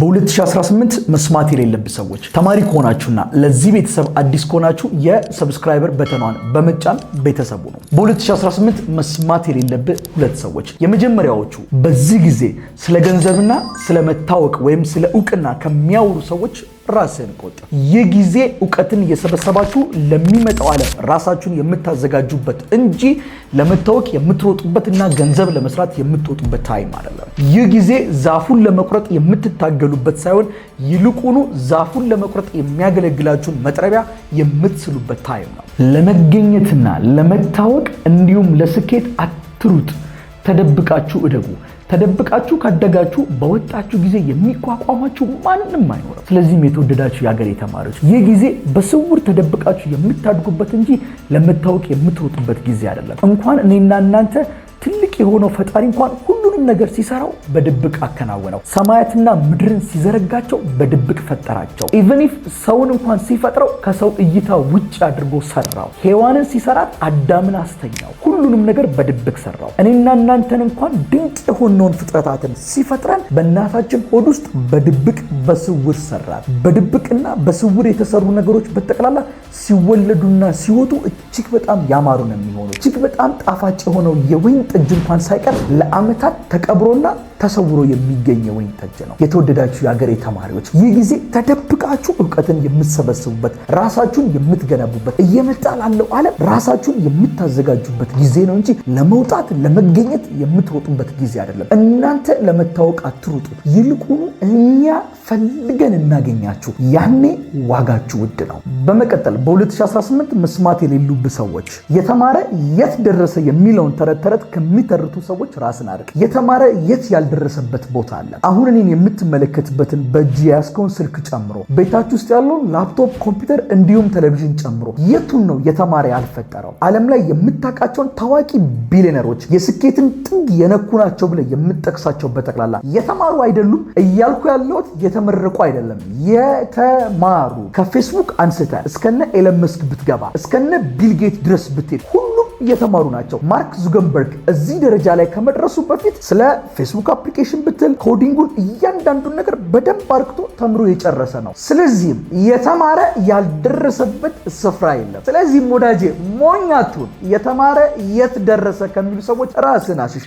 በ2018 መስማት የሌለብ ሰዎች ተማሪ ከሆናችሁና ለዚህ ቤተሰብ አዲስ ከሆናችሁ የሰብስክራይበር በተኗን በመጫን ቤተሰቡ ነው። በ2018 መስማት የሌለብ ሁለት ሰዎች የመጀመሪያዎቹ በዚህ ጊዜ ስለ ገንዘብና ስለ መታወቅ ወይም ስለ እውቅና ከሚያወሩ ሰዎች ራስህን ቆጥብ። ይህ ጊዜ እውቀትን እየሰበሰባችሁ ለሚመጣው ዓለም ራሳችሁን የምታዘጋጁበት እንጂ ለመታወቅ የምትሮጡበት እና ገንዘብ ለመስራት የምትወጡበት ታይም አይደለም። ይህ ጊዜ ዛፉን ለመቁረጥ የምትታገሉበት ሳይሆን ይልቁኑ ዛፉን ለመቁረጥ የሚያገለግላችሁን መጥረቢያ የምትስሉበት ታይም ነው። ለመገኘትና ለመታወቅ እንዲሁም ለስኬት ትሩት። ተደብቃችሁ እደጉ። ተደብቃችሁ ካደጋችሁ በወጣችሁ ጊዜ የሚቋቋማችሁ ማንም አይኖርም። ስለዚህም የተወደዳችሁ የአገሬ ተማሪዎች ይህ ጊዜ በስውር ተደብቃችሁ የምታድጉበት እንጂ ለመታወቅ የምትሮጡበት ጊዜ አይደለም። እንኳን እኔና እናንተ ትልቅ የሆነው ፈጣሪ እንኳን ሁሉንም ነገር ሲሰራው በድብቅ አከናወነው። ሰማያትና ምድርን ሲዘረጋቸው በድብቅ ፈጠራቸው። ኢቨን ኢፍ ሰውን እንኳን ሲፈጥረው ከሰው እይታ ውጭ አድርጎ ሰራው። ሔዋንን ሲሰራት አዳምን አስተኛው። ሁሉንም ነገር በድብቅ ሰራው። እኔና እናንተን እንኳን ድንቅ የሆነውን ፍጥረታትን ሲፈጥረን በእናታችን ሆድ ውስጥ በድብቅ በስውር ሰራ በድብቅና በስውር የተሰሩ ነገሮች በጠቅላላ ሲወለዱና ሲወጡ እጅግ በጣም ያማሩ ነው የሚሆኑ። እጅግ በጣም ጣፋጭ የሆነው የወይን ጠጅ እንኳን ሳይቀር ለዓመታት ተቀብሮና ተሰውሮ የሚገኝ የወይን ጠጅ ነው። የተወደዳችሁ የአገሬ ተማሪዎች ይህ ጊዜ ተደብቃችሁ እውቀትን የምትሰበስቡበት፣ ራሳችሁን የምትገነቡበት፣ እየመጣ ላለው ዓለም ራሳችሁን የምታዘጋጁበት ጊዜ ጊዜ ነው እንጂ ለመውጣት ለመገኘት የምትሮጡበት ጊዜ አይደለም። እናንተ ለመታወቅ አትሩጡ፣ ይልቁኑ እኛ ፈልገን እናገኛችሁ፣ ያኔ ዋጋችሁ ውድ ነው። በመቀጠል በ2018 መስማት የሌሉብ ሰዎች የተማረ የት ደረሰ የሚለውን ተረት ተረት ከሚተርቱ ሰዎች ራስን አርቅ። የተማረ የት ያልደረሰበት ቦታ አለ። አሁን እኔን የምትመለከትበትን በእጅ የያዝከውን ስልክ ጨምሮ ቤታችሁ ውስጥ ያለውን ላፕቶፕ ኮምፒውተር እንዲሁም ቴሌቪዥን ጨምሮ የቱን ነው የተማረ ያልፈጠረው? ዓለም ላይ የምታውቃቸውን ታዋቂ ቢሊነሮች የስኬትን ጥግ የነኩ ናቸው ብለህ የምጠቅሳቸው በጠቅላላ የተማሩ አይደሉም። እያልኩ ያለሁት የተመረቁ አይደለም፣ የተማሩ ከፌስቡክ አንስተ እስከነ ኤለን መስክ ብትገባ እስከነ ቢልጌት ድረስ ብትሄድ ሁሉ እየተማሩ ናቸው። ማርክ ዙገንበርግ እዚህ ደረጃ ላይ ከመድረሱ በፊት ስለ ፌስቡክ አፕሊኬሽን ብትል ኮዲንጉን እያንዳንዱን ነገር በደንብ አርክቶ ተምሮ የጨረሰ ነው። ስለዚህም የተማረ ያልደረሰበት ስፍራ የለም። ስለዚህም ወዳጄ ሞኛቱን የተማረ የት ደረሰ ከሚሉ ሰዎች ራስን አሽሽ